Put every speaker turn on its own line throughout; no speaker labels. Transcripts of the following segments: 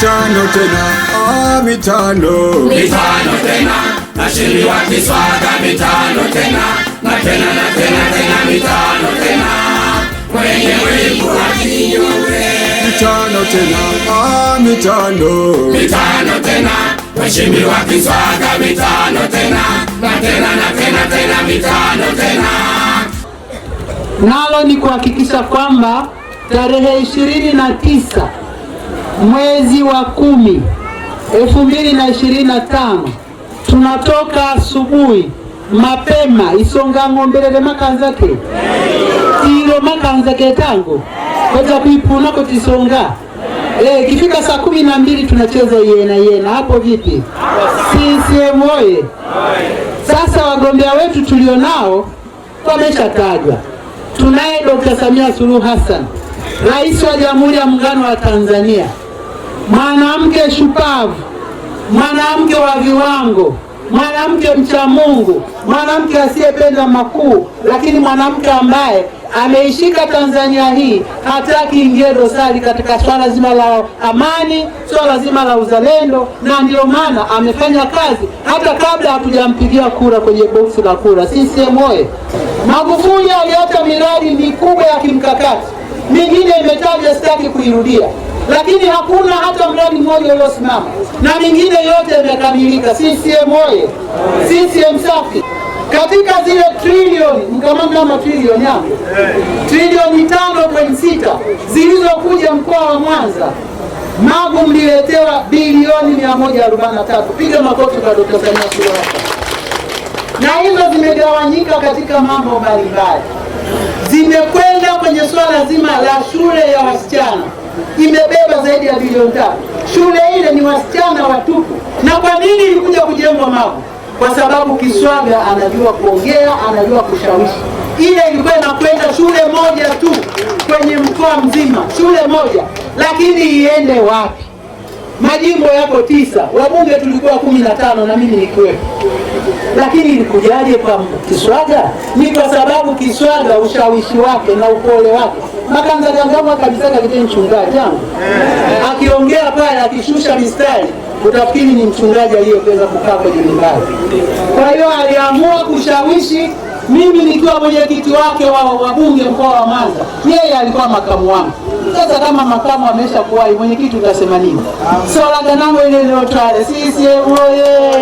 mitano tena, ah, mitano mitano tena, nashiri wa kiswaga mitano tena na tena na tena tena mitano tena kwenye wimbo wa kinyume mitano tena, ah, mitano mitano tena, wa kiswaga mitano tena na tena na tena
tena mitano tena, nalo ni kuhakikisha kwamba tarehe ishirini na tisa mwezi wa kumi elfu mbili na ishirini na tano tunatoka asubuhi mapema isonga ng'ombelele makanzake tilo makanzake tango koja kuipuna kotisonga e, eh, kifika saa kumi na mbili tunacheza yena yena hapo vipi? CCM oye! Sasa wagombea wetu tulionao wameshatajwa. Tunaye Dr. Samia Suluhu Hassan, Rais wa Jamhuri ya Muungano wa Tanzania mwanamke shupavu, mwanamke wa viwango, mwanamke mcha Mungu, mwanamke asiyependa makuu, lakini mwanamke ambaye ameishika Tanzania hii, hataki ingie dosari katika swala zima la amani, swala zima la uzalendo, na ndio maana amefanya kazi hata kabla hatujampigia kura kwenye boksi la kura. CCM oye! Magufuli aliacha miradi mikubwa ya kimkakati, mingine imetajwa, sitaki kuirudia lakini hakuna hata mradi mmoja uliosimama na mingine yote imekamilika. CCM oye! CCM safi! Katika zile trilioni mkamama trilioni ya trilioni 5.6 zilizokuja mkoa wa Mwanza, Magu mliletewa bilioni 143. Piga makofi kwa Dkt. Samia Suluhu Na hizo zimegawanyika katika mambo mbalimbali, zimekwenda kwenye swala zima la shule ya wasichana imebeba zaidi ya bilioni tatu. Shule ile ni wasichana watupu. Na kwa nini ilikuja kujengwa Magu? Kwa sababu Kiswaga anajua kuongea, anajua kushawishi. Ile ilikuwa inakwenda shule moja tu kwenye mkoa mzima, shule moja, lakini iende wapi? majimbo yako tisa, wabunge tulikuwa kumi na tano na mimi nikiwepo. Lakini ilikujaje kwa Kiswaga? Ni kwa sababu Kiswaga ushawishi wake na upole wake makanzagangama kabisa kakiteni mchungaji yangu akiongea pale, akishusha mistari utafikiri ni mchungaji aliyeweza kukaa kwenye mimbari. Kwa hiyo aliamua kushawishi mimi nikiwa mwenyekiti wake wa wabunge mkoa wa Mwanza, yeye alikuwa makamu wangu. Sasa kama makamu amesha kuwahi, mwenyekiti utasema nini? Solaganamo ile iliyotwale CCM oye!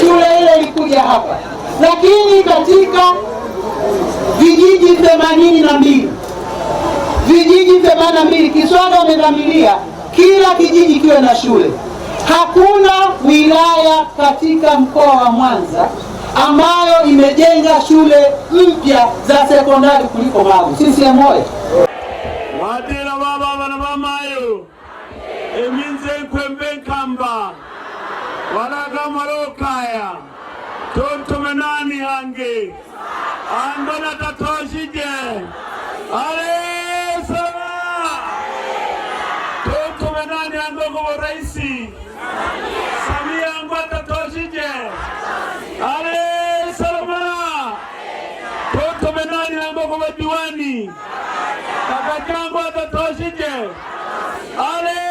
Shule ile ilikuja hapa, lakini katika vijiji themanini na mbili vijiji themanini na mbili Kiswaga wamedhamiria kila kijiji kiwe na shule. Hakuna wilaya katika mkoa wa Mwanza ambayo imejenga shule mpya za sekondari kuliko Magu. CCM oye!
mamayo eminze nkwembe nkamba walaga marokaya tontomenani hange angona tatozhide ale Wasije ale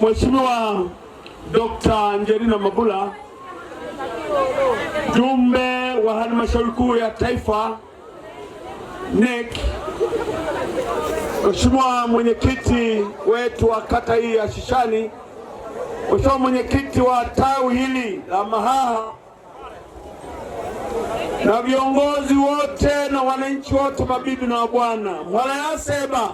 Mheshimiwa Dr. Angelina Mabula, mjumbe wa halmashauri kuu ya taifa NEC, Mheshimiwa mwenyekiti wetu wa kata hii ya Shishani, Mheshimiwa mwenyekiti wa tawi hili la Mahaha na viongozi wote na wananchi wote, mabibi na wabwana, mwalayaseba.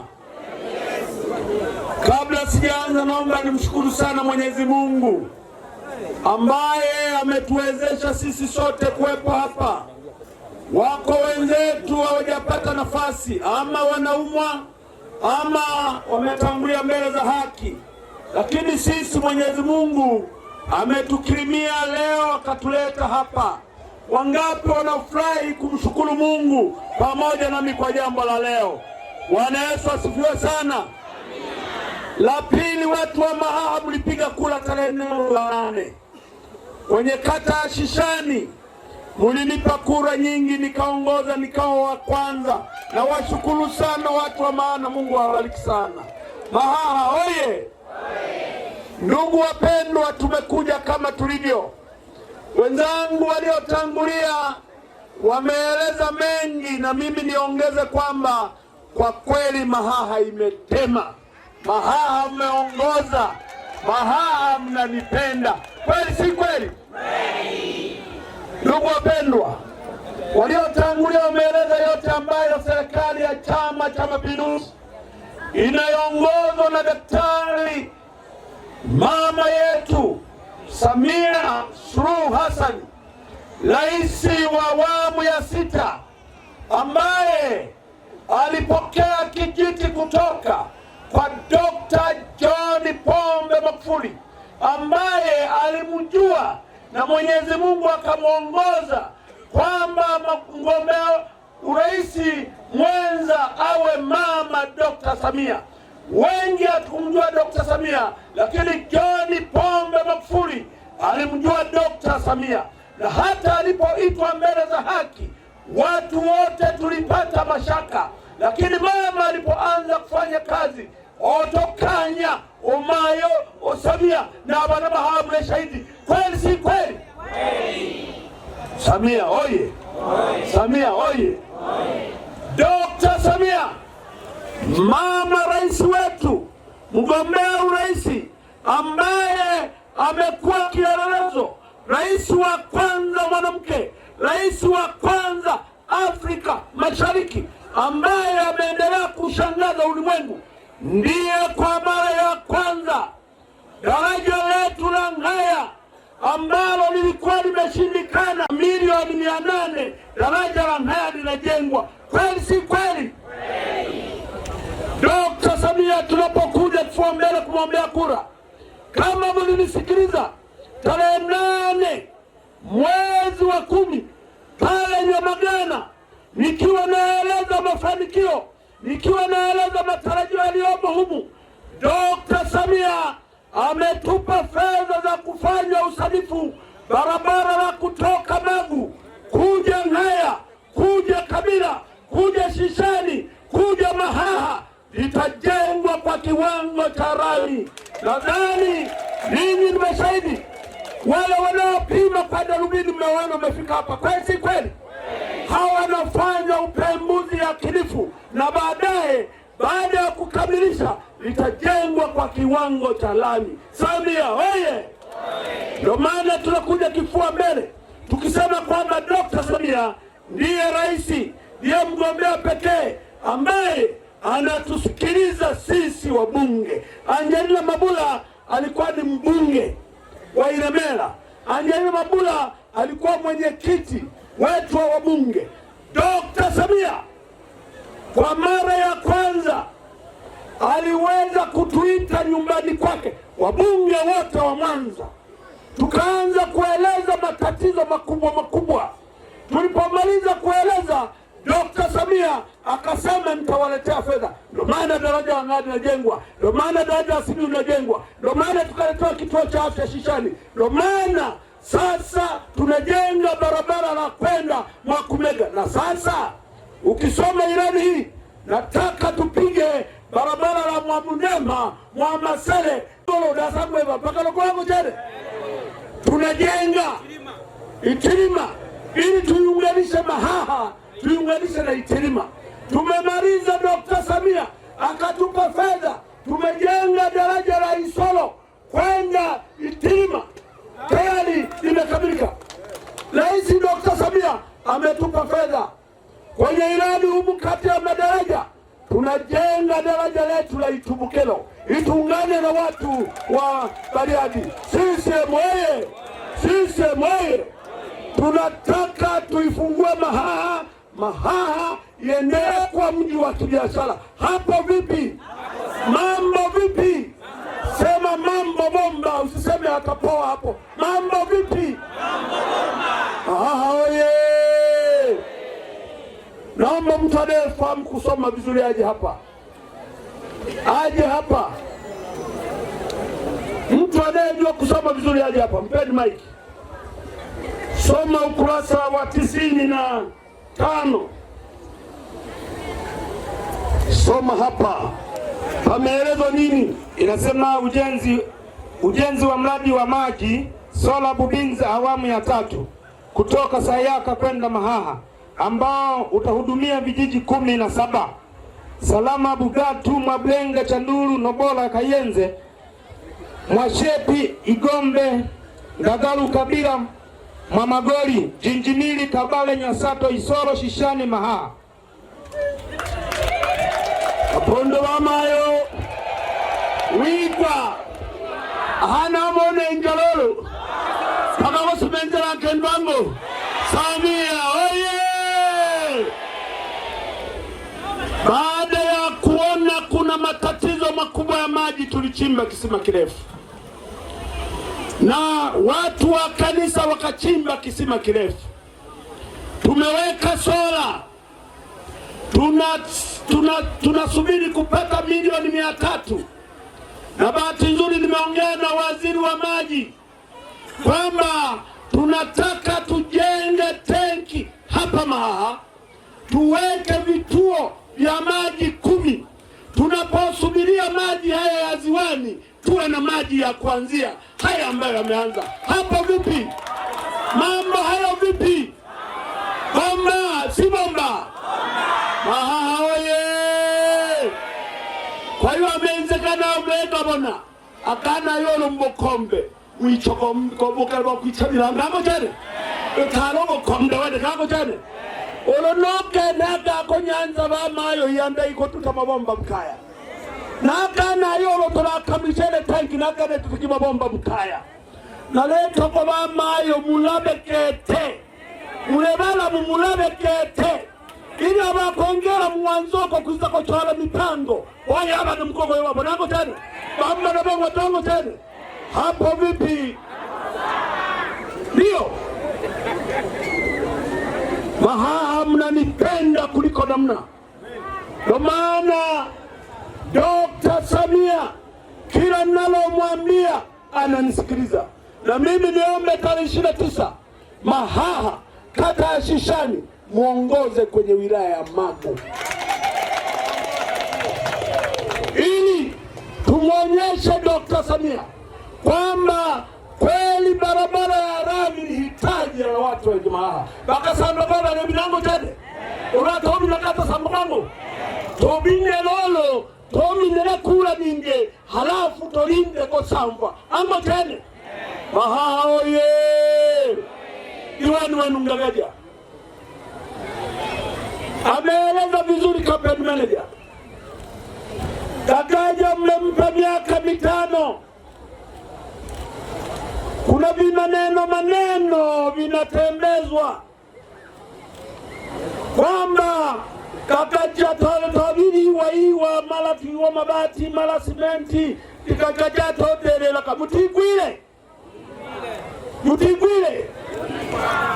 Kabla sijaanza, naomba nimshukuru sana Mwenyezi Mungu ambaye ametuwezesha sisi sote kuwepo hapa. Wako wenzetu hawajapata nafasi, ama wanaumwa ama wametangulia mbele za haki, lakini sisi Mwenyezi Mungu ametukirimia leo akatuleta hapa. Wangapi wanafurahi kumshukuru Mungu pamoja nami kwa jambo la leo? Bwana Yesu asifiwe sana. La pili, watu wa Mahaha mlipiga kura tarehe nne ya nane kwenye kata ya Shishani, mulinipa kura nyingi, nikaongoza nikao wa kwanza. Na washukuru sana watu wa Mahaha, Mungu awabariki sana. Mahaha oye! Ndugu wapendwa, tumekuja kama tulivyo Wenzangu waliotangulia wameeleza mengi, na mimi niongeze kwamba kwa kweli Mahaha imetema. Mahaha mmeongoza, Mahaha mnanipenda kweli, si kweli? Ndugu wapendwa, waliotangulia wameeleza yote ambayo serikali ya Chama cha Mapinduzi inayoongozwa na daktari mama yetu Samia Suluhu Hassan, rais wa awamu ya sita, ambaye alipokea kijiti kutoka kwa Dr. John Pombe Magufuli ambaye alimjua na Mwenyezi Mungu akamwongoza kwamba mgombea urais mwenza awe mama Dr. Samia. Wengi hatumjua Dr. Samia, lakini John alimjua Dokta Samia na hata alipoitwa mbele za haki watu wote tulipata mashaka, lakini mama alipoanza kufanya kazi otokanya umayo samia na bana bahawa shahidi kweli, si kweli? Samia oye! Samia oye! Dokta Samia mama rais wetu mgombea urais ambaye amekuwa kielelezo, rais wa kwanza mwanamke, rais wa kwanza Afrika Mashariki ambaye ameendelea kushangaza ulimwengu. Ndiye kwa mara ya kwanza daraja letu la Ngaya ambalo lilikuwa limeshindikana, milioni mia nane daraja la Ngaya linajengwa. Kweli si kweli? Dokta Samia tunapokuja kufua mbele kumwombea kura kama mlinisikiliza tarehe nane mwezi wa kumi pale Nyamagana, nikiwa naeleza mafanikio, nikiwa naeleza matarajio yaliyomo humu, Dr. Samia ametupa fedha za kufanya usanifu barabara la kutoka Magu kuja Ng'haya kuja Kabila kuja Shishani kuja Mahaha litajengwa kwa kiwango cha rani Nadhani ninyi ni mashahidi, wale wanaopima kwa darubini mnaona wamefika hapa, kweli si kweli? Hawa wanafanya upembuzi yakinifu, na baadaye baada ya kukamilisha litajengwa kwa kiwango cha lami. Samia oye! Ndio maana tunakuja kifua mbele tukisema kwamba Dkt. Samia ndiye rais, ndiye mgombea pekee ambaye anatusikiliza sisi wabunge. Angelina Mabula alikuwa ni mbunge wa Ilemela. Angelina Mabula alikuwa mwenyekiti wetu wa wabunge. Dr. Samia kwa mara ya kwanza aliweza kutuita nyumbani kwake wabunge wote wa Mwanza, tukaanza kueleza matatizo makubwa makubwa. Tulipomaliza kueleza Dkt. Samia akasema nitawaletea fedha, ndio maana daraja la Ngadi linajengwa, ndio maana daraja la Simiyu linajengwa, ndio maana tukaletewa kituo cha afya Shishani, ndio maana sasa tunajenga barabara la kwenda Mwakumega. Na sasa ukisoma ilani hii, nataka tupige barabara la mwamunema Mwamasele dasagweva mpaka Lokolago tunajenga Itilima ili tuiunganishe Mahaha tuiunganishe na Itilima. Tumemaliza, dokta Samia akatupa fedha, tumejenga daraja la Isolo kwenda Itilima, tayari imekamilika. Rais Dkt. Samia ametupa fedha kwenye ilani humu, kati ya madaraja tunajenga daraja letu la Itumbukelo, ituungane na watu wa Bariadi. CCM oyee! CCM oyee! Tunataka tuifungue Mahaha Mahaha ienee kwa mji wa kibiashara. Hapo vipi? Mambo vipi? Sema mambo bomba, usiseme akapoa hapo. Mambo vipi? Mambo bomba. Naomba mtu anayefahamu kusoma vizuri aje hapa, aje hapa. Mtu anayejua kusoma vizuri aje hapa. Mpeni mike. soma ukurasa wa tisini na tano. Soma hapa pameelezwa nini? Inasema ujenzi, ujenzi wa mradi wa maji sola Bubinza awamu ya tatu kutoka Sayaka kwenda Mahaha ambao utahudumia vijiji kumi na saba Salama, Bugatu, Mwablenga, Chanduru, Nobola, Kayenze, Mwashepi, Igombe, Ndagalu, Kabila Mwamagori, Jinjimili, Kabale, Nyasato, Isoro, Shishani, Mahaa, Kapondo, Wamayo, Wika, Ahana, mone Enjalolo, Kakakosu, Menjela, Kendwango, Samia, oye! Baada ya kuona kuna matatizo makubwa ya maji, tulichimba kisima kirefu na watu wa kanisa wakachimba kisima kirefu. Tumeweka sola, tunasubiri tuna, tuna kupata milioni mia tatu, na bahati nzuri nimeongea na waziri wa maji kwamba tunataka tujenge tenki hapa Mahaha, tuweke vituo vya maji kumi. Tunaposubiria maji haya ya ziwani, tuwe na maji ya kuanzia haya ambayo yameanza hapa. Vipi mambo haya vipi? Bomba si bomba? Mahaha oye! Kwa hiyo amenzekana amwegabona akana yolo mubukombe wicogobuka lwakwicabilangamo cane utalo bukombe wedekako cane ulo nokenagako nyanza bamayo yanda ikotutama bomba bukaya nakanayo ulo tulakamicele kinagane mabomba mukaya kwa mama ayo mulabe kete mulabekeete mulebalamu mulabekeete ili abakongera muwanzoko kuza kochola mipango na abana mkongo wapo nango tena bamba na bongo tongo tena hapo vipi? Ndio mahaha mnanipenda kuliko namna, ndo maana mwambia ananisikiliza. Na mimi niombe tarehe ishirini na tisa Mahaha, kata ya Shishani, mwongoze kwenye wilaya ya Magu ili tumwonyeshe Dokta Samia kwamba kweli barabara ya rami ni hitaji la watu wa Mahaha baka sambababa na milango tene unatobinakata sambango tobinelolo tomindele kula ninge halafu tolinde kosamba amba tene oye diwani wenu Ngabeja ameeleza vizuri campaign manager Kakaja, mlempa miaka mitano. Kuna vimaneno maneno vinatembezwa kwamba kakajja tabiiriiwayiwa mala tuyiwa mabaati mala simenti tikakajja todereraka mutigwire mutigwire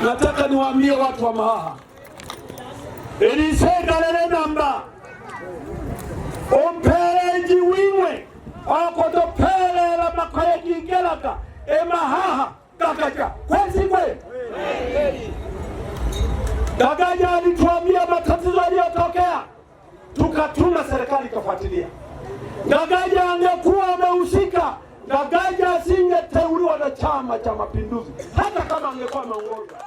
nataka niwaambie watu wa Mahaha ilisegalele namba ompereji wimwe akotoperera makaye gigelaga emahaha kwa Katuna, serikali ikafuatilia. Gagaja angekuwa amehusika, Gagaja asingeteuliwa na Chama cha Mapinduzi hata kama angekuwa ameongoza.